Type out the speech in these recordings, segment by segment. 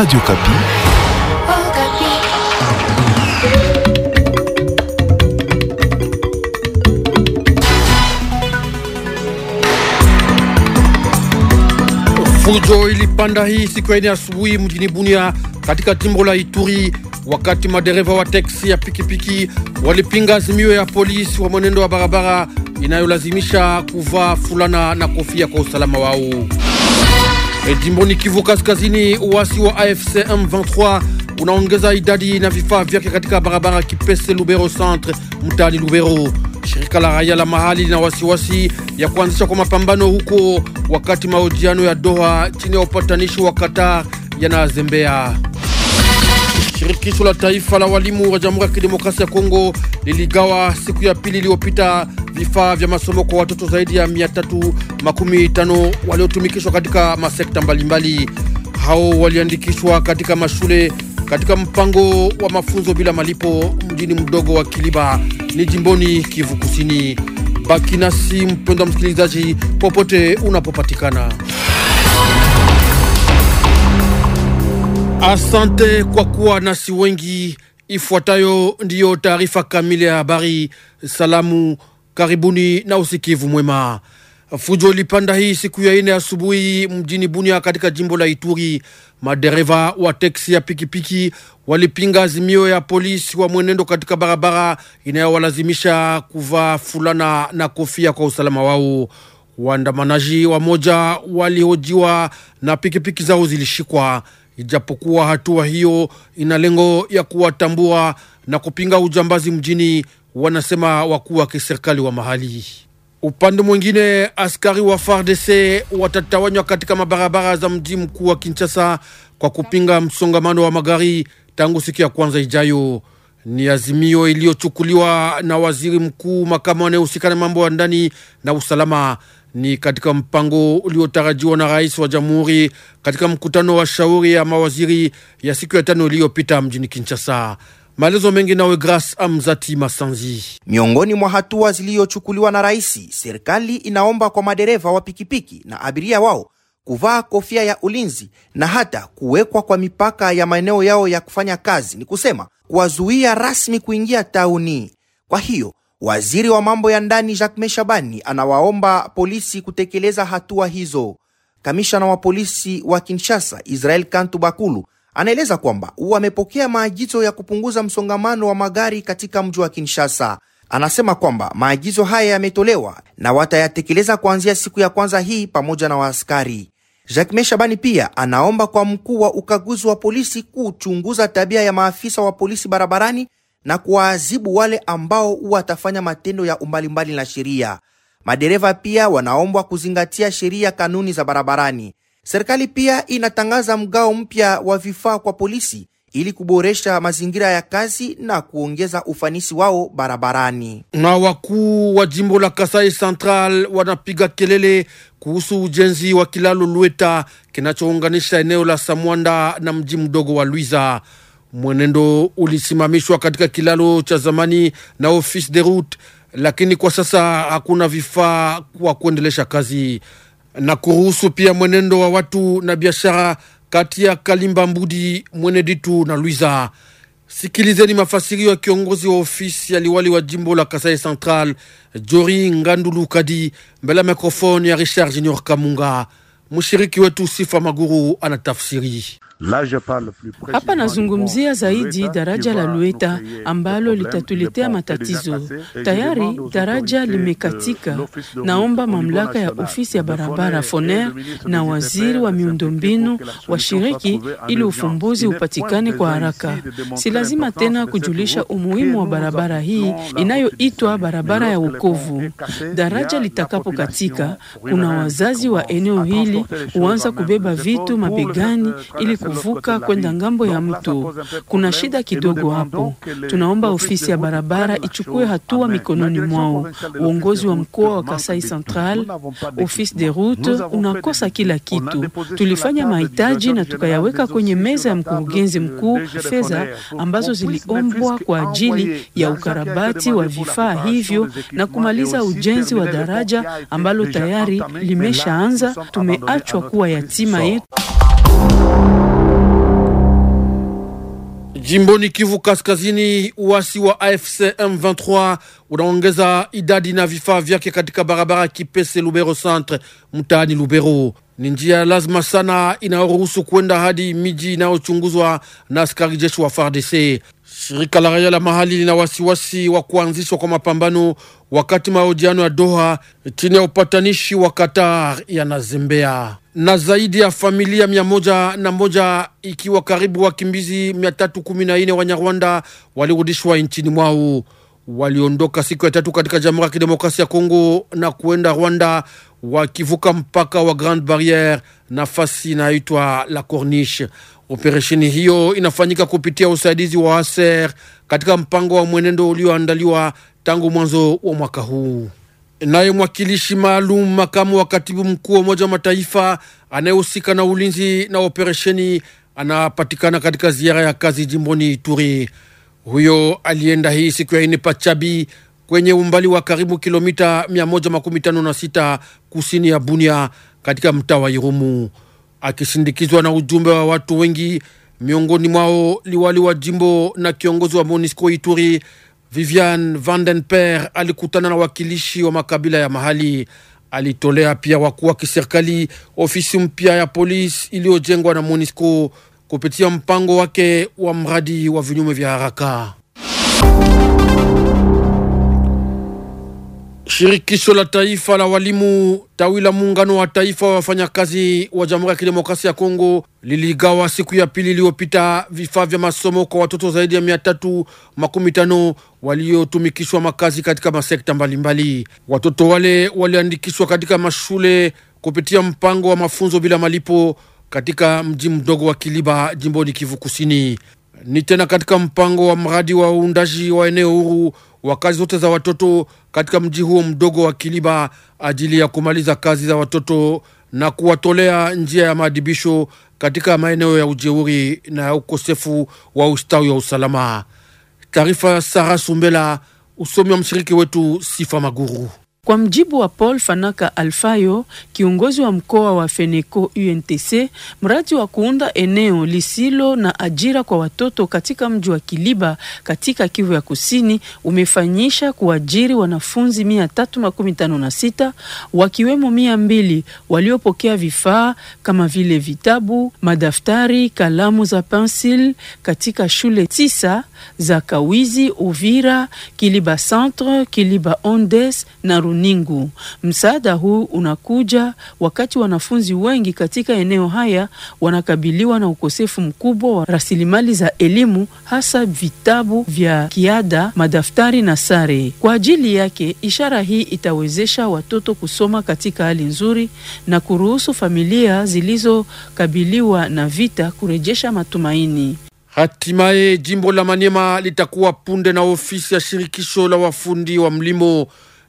Radio Kapi. Oh, Kapi. Fujo ilipanda hii siku ya ine asubuhi mjini Bunia katika jimbo la Ituri wakati madereva wa teksi ya pikipiki walipinga azimio ya polisi wa mwenendo wa barabara inayolazimisha kuvaa fulana na kofia kwa usalama wao. E, jimboni Kivu Kaskazini, uasi wa AFC M23 unaongeza idadi na vifaa vyake katika barabara Kipese Lubero Centre mtaani Lubero. Shirika la raia la mahali lina wasiwasi ya kuanzisha kwa mapambano huko wakati mahojiano ya Doha chini ya upatanishi wa Qatar yanazembea. Shirikisho la taifa la walimu wa Jamhuri ya Kidemokrasia ya Kongo liligawa siku ya pili iliyopita vifaa vya masomo kwa watoto zaidi ya 350 waliotumikishwa katika masekta mbalimbali. Hao waliandikishwa katika mashule katika mpango wa mafunzo bila malipo mjini mdogo wa Kiliba ni jimboni Kivu Kusini. Baki nasi mpendwa msikilizaji, popote unapopatikana. Asante kwa kuwa nasi wengi. Ifuatayo ndiyo taarifa kamili ya habari. Salamu Karibuni na usikivu mwema. Fujo ilipanda hii siku ya ine asubuhi mjini Bunia katika jimbo la Ituri. Madereva wa teksi ya pikipiki walipinga azimio ya polisi wa mwenendo katika barabara inayowalazimisha kuvaa fulana na kofia kwa usalama wao. Waandamanaji wamoja walihojiwa na pikipiki zao zilishikwa, ijapokuwa hatua hiyo ina lengo ya kuwatambua na kupinga ujambazi mjini wanasema wakuu wa kiserikali wa mahali. Upande mwingine, askari wa FARDC watatawanywa katika mabarabara za mji mkuu wa Kinshasa kwa kupinga msongamano wa magari tangu siku ya kwanza ijayo. Ni azimio iliyochukuliwa na waziri mkuu makamu anayehusika na mambo ya ndani na usalama. Ni katika mpango uliotarajiwa na rais wa jamhuri katika mkutano wa shauri ya mawaziri ya siku ya tano iliyopita mjini Kinshasa. Maelezo mengi nawe Grace Amzati Masanzi. Miongoni mwa hatua zilizochukuliwa na rais, serikali inaomba kwa madereva wa pikipiki na abiria wao kuvaa kofia ya ulinzi na hata kuwekwa kwa mipaka ya maeneo yao ya kufanya kazi, ni kusema kuwazuia rasmi kuingia tauni. Kwa hiyo waziri wa mambo ya ndani Jacques Meshabani anawaomba polisi kutekeleza hatua hizo. Kamishna wa polisi wa Kinshasa Israel Kantu Bakulu Anaeleza kwamba wamepokea maagizo ya kupunguza msongamano wa magari katika mji wa Kinshasa. Anasema kwamba maagizo haya yametolewa na watayatekeleza kuanzia siku ya kwanza hii pamoja na waaskari. Jacques Shabani pia anaomba kwa mkuu wa ukaguzi wa polisi kuchunguza tabia ya maafisa wa polisi barabarani na kuwaadhibu wale ambao watafanya matendo ya umbali mbali na sheria. Madereva pia wanaombwa kuzingatia sheria, kanuni za barabarani. Serikali pia inatangaza mgao mpya wa vifaa kwa polisi ili kuboresha mazingira ya kazi na kuongeza ufanisi wao barabarani. Na wakuu wa jimbo la Kasai Central wanapiga kelele kuhusu ujenzi wa kilalo Lueta kinachounganisha eneo la Samwanda na mji mdogo wa Luiza. Mwenendo ulisimamishwa katika kilalo cha zamani na Office de Route, lakini kwa sasa hakuna vifaa kwa kuendelesha kazi na kuruhusu pia mwenendo wa watu na biashara kati ya Kalimba Mbudi Mweneditu na Luiza. Sikilizeni mafasirio ya kiongozi wa ofisi ya liwali wa jimbo la Kasai Central Jori Ngandulu Kadi mbele ya mikrofoni ya Richard Junior Kamunga. Mshiriki wetu Sifa Maguru anatafsiri. Hapa nazungumzia zaidi daraja la Lueta ambalo litatuletea matatizo. Tayari daraja limekatika. Euh, Naomba mamlaka ya ofisi ya barabara Foner na waziri wa miundombinu washiriki ili ufumbuzi upatikane kwa haraka. Si lazima tena kujulisha umuhimu wa barabara hii inayoitwa barabara ya wokovu. Daraja litakapokatika, kuna wazazi wa eneo hili huanza kubeba vitu mabegani ili kuvuka kwenda ngambo ya mto. Kuna shida kidogo hapo, tunaomba ofisi ya barabara ichukue hatua mikononi mwao. Uongozi wa mkoa wa Kasai Central, office de route, unakosa kila kitu. Tulifanya mahitaji na tukayaweka kwenye meza ya mkurugenzi mkuu, fedha ambazo ziliombwa kwa ajili ya ukarabati wa vifaa hivyo na kumaliza ujenzi wa daraja ambalo tayari limeshaanza. Tumeachwa kuwa yatima yetu. Jimboni Kivu Kaskazini, uasi wa AFC M23 unaongeza idadi na vifaa vyake katika barabara Kipese Lubero Centre, mtaani Lubero. Ni njia lazima sana inayoruhusu kwenda hadi miji inayochunguzwa na askari jeshi wa FARDC. Shirika la raia la mahali lina wasiwasi wa kuanzishwa kwa mapambano wakati mahojiano ya Doha chini ya upatanishi wa Qatar yanazembea na zaidi ya familia mia moja na moja ikiwa karibu wakimbizi mia tatu kumi na nne Wanyarwanda walirudishwa nchini mwao. Waliondoka siku ya tatu katika Jamhuri ya Kidemokrasia ya Kongo na kuenda Rwanda, wakivuka mpaka wa Grande Barriere, nafasi inayoitwa La Corniche. Operesheni hiyo inafanyika kupitia usaidizi wa ASER katika mpango wa mwenendo ulioandaliwa tangu mwanzo wa mwaka huu. Naye mwakilishi maalum makamu wa katibu mkuu wa Umoja wa Mataifa anayehusika na ulinzi na operesheni anapatikana katika ziara ya kazi jimboni Ituri. Huyo alienda hii siku ya ine Pachabi, kwenye umbali wa karibu kilomita 156 kusini ya Bunia, katika mtaa wa Irumu, akisindikizwa na ujumbe wa watu wengi, miongoni mwao liwali wa jimbo na kiongozi wa MONUSCO Ituri Vivian Vandenper alikutana na wakilishi wa makabila ya mahali. Alitolea pia wakuu wa kiserikali ofisi mpya ya polisi iliyojengwa na MONUSCO kupitia mpango wake wa mradi wa vinyume vya haraka. Shirikisho la taifa la walimu tawi la muungano wa taifa wa wafanyakazi wa Jamhuri ya Kidemokrasia ya Kongo liligawa siku ya pili iliyopita vifaa vya masomo kwa watoto zaidi ya mia tatu makumi tano waliotumikishwa makazi katika masekta mbalimbali mbali. Watoto wale waliandikishwa katika mashule kupitia mpango wa mafunzo bila malipo katika mji mdogo wa Kiliba jimboni Kivu Kusini. Ni tena katika mpango wa mradi wa uundaji wa eneo huru wa kazi zote za watoto katika mji huo mdogo wa Kiliba ajili ya kumaliza kazi za watoto na kuwatolea njia ya maadibisho katika maeneo ya ujeuri na ya ukosefu wa ustawi wa usalama. Taarifa ya Sara Sumbela, usomi wa mshiriki wetu Sifa Maguru. Kwa mjibu wa Paul Fanaka Alfayo, kiongozi wa mkoa wa Feneco UNTC, mradi wa kuunda eneo lisilo na ajira kwa watoto katika mji wa Kiliba katika Kivu ya Kusini umefanyisha kuajiri wanafunzi 356 wakiwemo mbili waliopokea vifaa kama vile vitabu, madaftari, kalamu za pensil katika shule tisa za Kawizi, Uvira, Kiliba Centre, Kiliba Ondes na Runingu. Msaada huu unakuja wakati wanafunzi wengi katika eneo haya wanakabiliwa na ukosefu mkubwa wa rasilimali za elimu, hasa vitabu vya kiada, madaftari na sare. Kwa ajili yake, ishara hii itawezesha watoto kusoma katika hali nzuri na kuruhusu familia zilizokabiliwa na vita kurejesha matumaini. Hatimaye jimbo la manema litakuwa punde na ofisi ya shirikisho la wafundi wa mlimo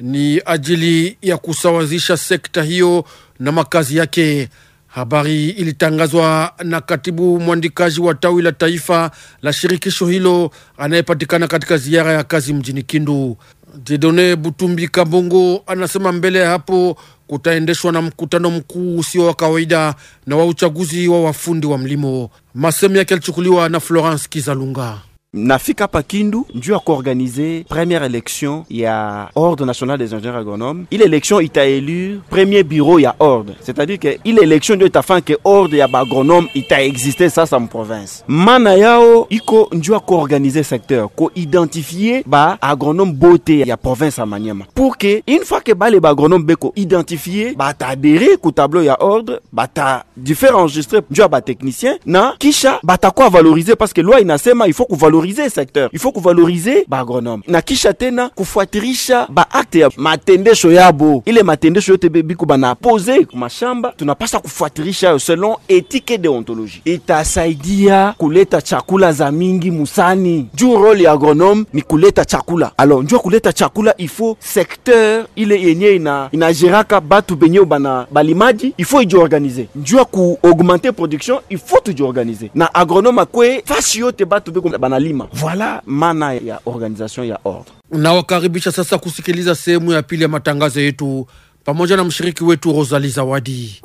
ni ajili ya kusawazisha sekta hiyo na makazi yake. Habari ilitangazwa na katibu mwandikaji wa tawi la taifa la shirikisho hilo anayepatikana katika ziara ya kazi mjini Kindu. Jedone Butumbi Kabongo anasema mbele ya hapo kutaendeshwa na mkutano mkuu usio wa kawaida na wa uchaguzi wa wafundi wa mlimo. Masemu yake alichukuliwa na Florence Kizalunga. nafika Pakindu Kindu ndio organiser première élection ya ordre national des ingénieurs agronomes. Il élection itaelu premier bureau ya ordre, c'est-à-dire que il élection ndio que ke ordre ya bagronome existé ça sa province. Mana yao iko ndio organiser secteur ko identifier ba agronome bote ya province ya pour que une fois que ba les bagronome beko identifier ba été adhéré ku tableau ya ordre ba ta diffère enregistré ndio ba technicien na kisha ba ta valoriser parce que loi inasema il faut ku valoriser valorize secteur, il faut kuvalorize baagronome na kisha tena kufuatirisha acte ya matende yabo, ile matendesho yote biku banapose kumashamba, tunapasa kufuatirisha yo selon etike deontologie, itasaidia kuleta chakula za mingi musani, juu role ya agronome ni kuleta chakula. Alors njua kuleta chakula ifo sekteur ile yenye ina inageraka batu benye bana balimaji ifo organiser. njua ku augmenter production il faut tu organiser. na agronome akwe fasi te batu bana mana Voilà maana ya organisation ya ordre. Nawakaribisha sasa kusikiliza sehemu ya pili ya matangazo yetu pamoja na mshiriki wetu Rosali Zawadi.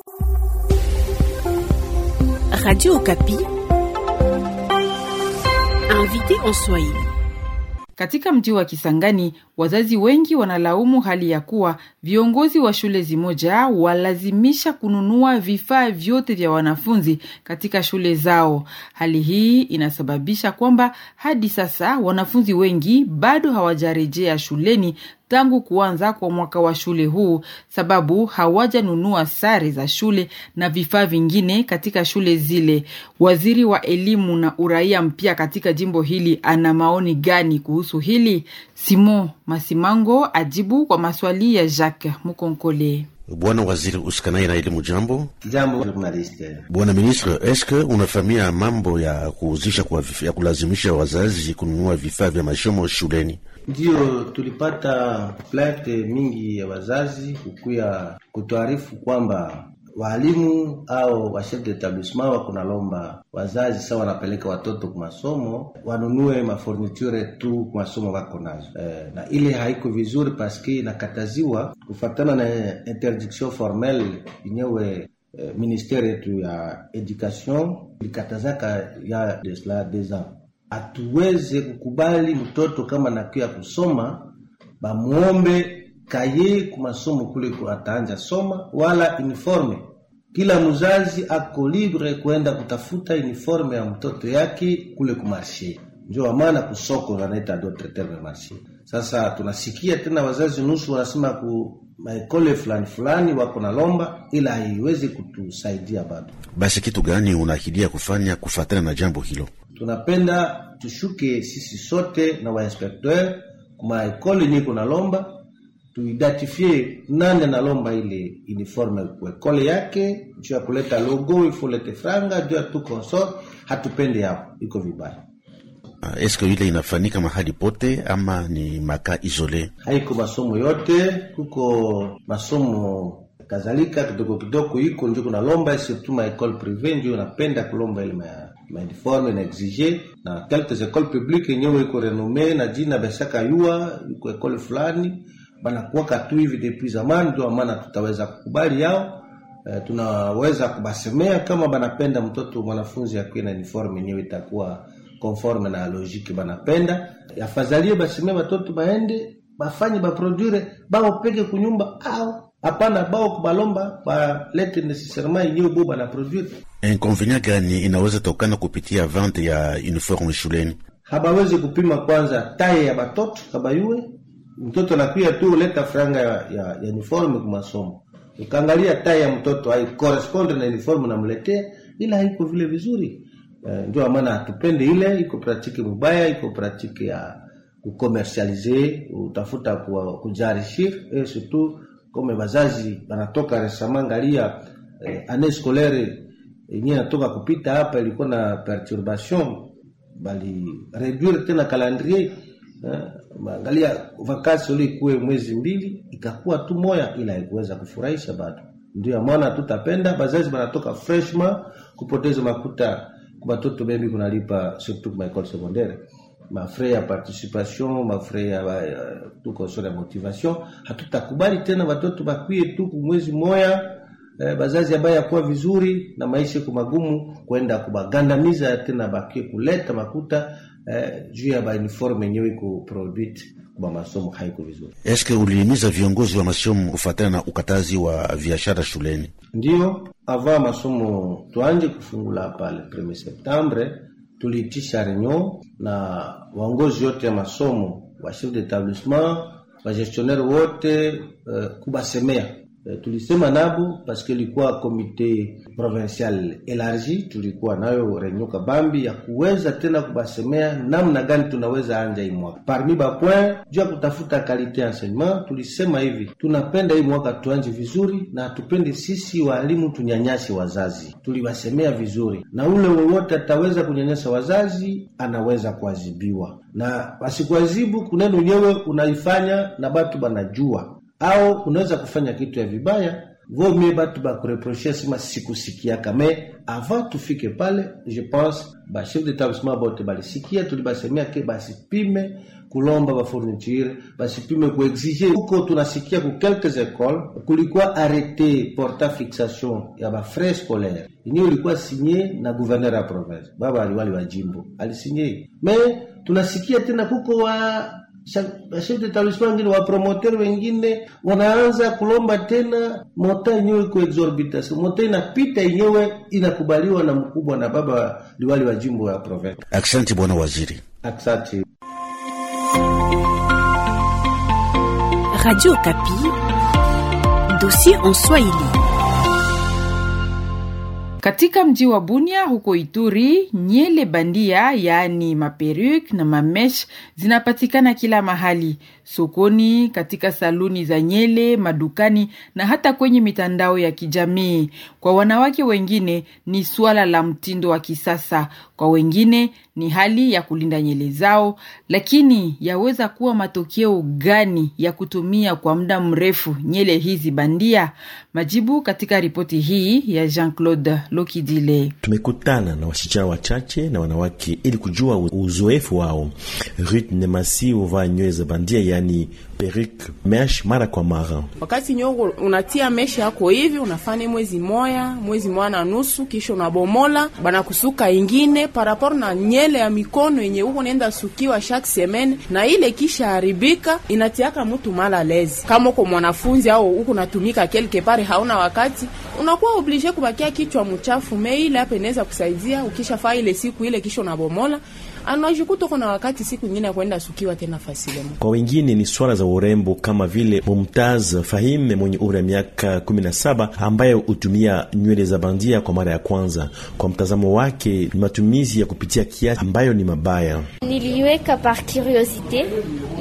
Radio Okapi, invité en Swahili. Katika mji wa Kisangani, wazazi wengi wanalaumu hali ya kuwa viongozi wa shule zimoja walazimisha kununua vifaa vyote vya wanafunzi katika shule zao. Hali hii inasababisha kwamba hadi sasa wanafunzi wengi bado hawajarejea shuleni tangu kuanza kwa mwaka wa shule huu, sababu hawajanunua sare za shule na vifaa vingine katika shule zile. Waziri wa elimu na uraia mpya katika jimbo hili ana maoni gani kuhusu hili? Simon Masimango ajibu kwa maswali ya Jacques Mukonkole. Bwana waziri usikanaye na elimu, jambo jambo. Journaliste bwana ministre, eske unafamia mambo ya kuuzisha kwa vifaa, ya kulazimisha wazazi kununua vifaa vya masomo shuleni? Ndiyo, tulipata plainte mingi ya wazazi kukuya kutuarifu kwamba Waalimu au washef de etablissement wako wazazi sawa, wanapeleka watoto masomo wanunue maforniture tu kumasomo wako nazo e, na ile haiko vizuri paski inakataziwa kufatana na interdiction formelle yenyewe e, eh, ministere yetu ya education ilikatazaka ya desla deza. atuweze kukubali mtoto kama nakia kusoma bamwombe kaye kumasomo kule ataanja soma wala uniforme kila muzazi ako libre kwenda kutafuta uniforme ya mtoto yake kule kumarshe, njo maana kusoko wanaita d'autre terme marshe. Sasa tunasikia tena wazazi nusu wanasema ku maekole fulani fulani wako na lomba, ila haiwezi kutusaidia bado. Basi kitu gani unaahidia kufanya kufuatana na jambo hilo? Tunapenda tushuke sisi sote na wainspekteur kumaekole niko na lomba tuidentifie nani analomba ile uniforme kwa kole yake, juu ya kuleta logo ifulete franga, juu ya tu consort. hatupende hapo, iko vibaya. Uh, ah, eske ile inafanika mahali pote ama ni maka isole? Haiko masomo yote, kuko masomo kadhalika kidogo kidogo, iko ndio kuna lomba surtout ma école privée ndio napenda kulomba ile ma na exige, na quelques écoles publiques yenyewe iko renommée na jina besaka yua iko école fulani banakuwaka katu hivi depuis zamani, ndio maana tutaweza kukubali yao. E, tunaweza kubasemea kama banapenda mtoto mwanafunzi akuwe na uniform yenyewe itakuwa conforme na logique banapenda. Afadhalie basemea batoto baende bafanye baproduire bao peke kunyumba au hapana bao kubalomba balete necessairement yenyewe bo banaproduire. Inconvenient gani inaweza tokana kupitia vente ya uniforme shuleni? Habawezi kupima kwanza taye ya batoto habayue mtoto anakuja tu leta franga ya, ya, ya uniform kwa masomo ukaangalia tai ya mtoto correspond na uniform namletea ila haiko vile vizuri uh, ndio maana hatupende ile iko pratiki mubaya iko pratiki ya kukomersialize utafuta kujarishir e, eh, surtout kome bazazi banatoka resama ngalia eh, annee scolaire yenye natoka kupita hapa ilikuwa na perturbation bali réduire tena calendrier Eh, angalia vakansi ulikuwa mwezi mbili ikakuwa tu moya ila ikuweza kufurahisha bado. Ndio ya maana tutapenda bazazi wanatoka freshma kupoteza makuta watoto bebi kunalipa surtout ma école secondaire ma frais ya participation ma frais ya uh, tuko sur motivation hatutakubali tena watoto bakwie tu mwezi moya eh, bazazi ambaye yakuwa vizuri na maisha kumagumu kwenda kubagandamiza tena bakie kuleta makuta Eh, juu ya uniform yenyewe ku produit kwa masomo haiko vizuri. Eske ulihimiza viongozi wa masomo kufuatana na ukatazi wa biashara shuleni? ndio ava masomo tuanje kufungula pale 1 Septembre, tuliitisha reunion na waongozi wote ya masomo wa chef d'etablissement, wa gestionnaire wote uh, kubasemea Euh, tulisema nabo paske ilikuwa komite provincial elargi, tulikuwa nayo renyo kabambi ya kuweza tena kubasemea namna gani tunaweza anja hii mwaka parmi bapoin juu ya kutafuta kalite ya enseignement. Tulisema hivi tunapenda hii mwaka tuanje vizuri, na tupende sisi walimu tunyanyasi wazazi. Tuliwasemea vizuri, na ule wowote ataweza kunyanyasa wazazi anaweza kuadhibiwa, na wasikuadhibu kuneno nyewe unaifanya na batu banajua au unaweza kufanya kitu ya vibaya vo batu bakureproche sima sikusikiaka me avant tufike pale, je pense bashef d'établissement bote balisikia, tulibasemia ke basipime kulomba bafourniture, basipime kuexige. Huko tunasikia ku quelques écoles kulikuwa arrete porta fixation ya bafrais scolaire ini ulikuwa sinye na gouverneur ya province baba aliwali wa jimbo alisinye, me tunasikia tena kuko wa chef d'établissement wengine wapromoter wengine wanaanza kulomba tena mota yenyewe iko mota inapita yenyewe inakubaliwa na mkubwa na baba liwali wa jimbo ya province. Asante bwana waziri, asante. Radio Kapi, dossier en Swahili. Katika mji wa Bunia huko Ituri, nyele bandia yaani maperuk na mamesh zinapatikana kila mahali, sokoni, katika saluni za nyele, madukani na hata kwenye mitandao ya kijamii. Kwa wanawake wengine ni suala la mtindo wa kisasa. Kwa wengine ni hali ya kulinda nyele zao, lakini yaweza kuwa matokeo gani ya kutumia kwa muda mrefu nyele hizi bandia? Majibu katika ripoti hii ya Jean-Claude Lokidile. Tumekutana na wasichana wachache na wanawake ili kujua uzoefu wao nemasi uvaa nywele za bandia, yani perik mesh mara kwa mara. Wakati nyogo unatia mesh yako hivi, unafanya mwezi moya mwezi moya na nusu, kisha unabomola banakusuka ingine parapor na nyele ya mikono yenye huko nenda sukiwa shak semene, na ile kisha haribika inatiaka mtu mala lezi. Kama uko mwanafunzi au huko natumika kelke pare, hauna wakati, unakuwa oblige kubakia kichwa mchafu. Me ile hapa inaweza kusaidia, ukisha faa ile siku ile, kisha unabomola anajikuta kuna wakati siku nyingine kuenda sukiwa tena fasile. Kwa wengine ni swala za urembo kama vile Mumtaz Fahim mwenye umri wa miaka 17 ambaye hutumia nywele za bandia kwa mara ya kwanza. Kwa mtazamo wake, ni matumizi ya kupitia kiasi ambayo ni mabaya. Niliweka par curiosite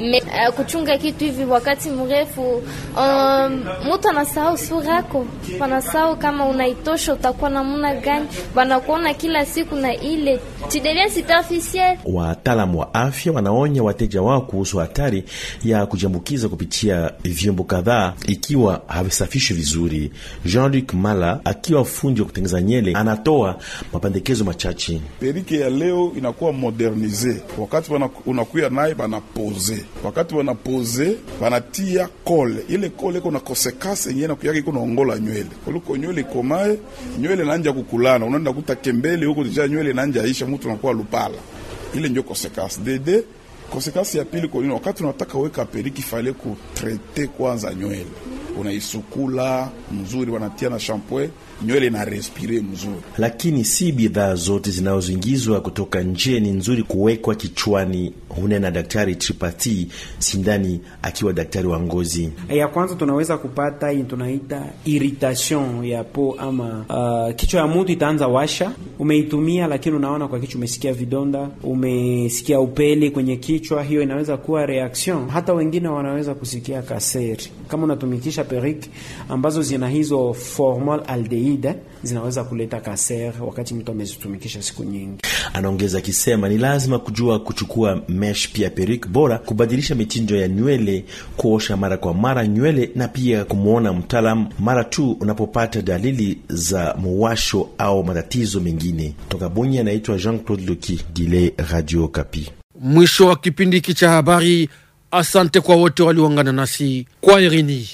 me, uh, kuchunga kitu hivi wakati mrefu, um, anasahau sura yako, anasahau kama unaitosha, utakuwa namna gani, wanakuona kila siku na ile tideliasitafisia Wataalamu wa afya wanaonya wateja wao kuhusu hatari ya kujiambukiza kupitia vyombo kadhaa ikiwa havisafishwi vizuri. Jean-Luc Mala akiwa fundi wa kutengeneza nyele anatoa mapendekezo machache. Perike ya leo inakuwa modernize, wakati unakuya naye banapoze, wakati wanapoze banatia kole, ile kole iko na kosekase yenyewe nakuyake iko naongola nywele kuliko nywele ikomae nywele nanja kukulana, unaenda kuta kembele huko, tisha nywele nanja isha, mtu nakuwa lupala ile ndio konsekansi dede. Konsekansi ya pili kolina, wakati unataka weka periki, fale kutrete kwanza nywele unaisukula mzuri, wanatia na shampoo, nywele na respire mzuri. Lakini si bidhaa zote zinazoingizwa kutoka nje ni nzuri kuwekwa kichwani, hunena daktari Tripati Sindani akiwa daktari wa ngozi. Eh, ya kwanza tunaweza kupata hii tunaita irritation ya po ama, uh, kichwa ya mtu itaanza washa. Umeitumia lakini unaona kwa kichwa umesikia vidonda, umesikia upeli kwenye kichwa, hiyo inaweza kuwa reaction. Hata wengine wanaweza kusikia kaseri kama unatumikisha kupitisha peric ambazo zina hizo formal aldehyde zinaweza kuleta kanser wakati mtu amezitumikisha siku nyingi. Anaongeza akisema ni lazima kujua kuchukua mesh pia peric, bora, kubadilisha mitindo ya nywele, kuosha mara kwa mara nywele na pia kumwona mtaalam mara tu unapopata dalili za muwasho au matatizo mengine. Toka Bunya anaitwa Jean Claude Luki Dile, Radio Kapi. Mwisho wa kipindi hiki cha habari. Asante kwa wote walioungana nasi kwa Irini.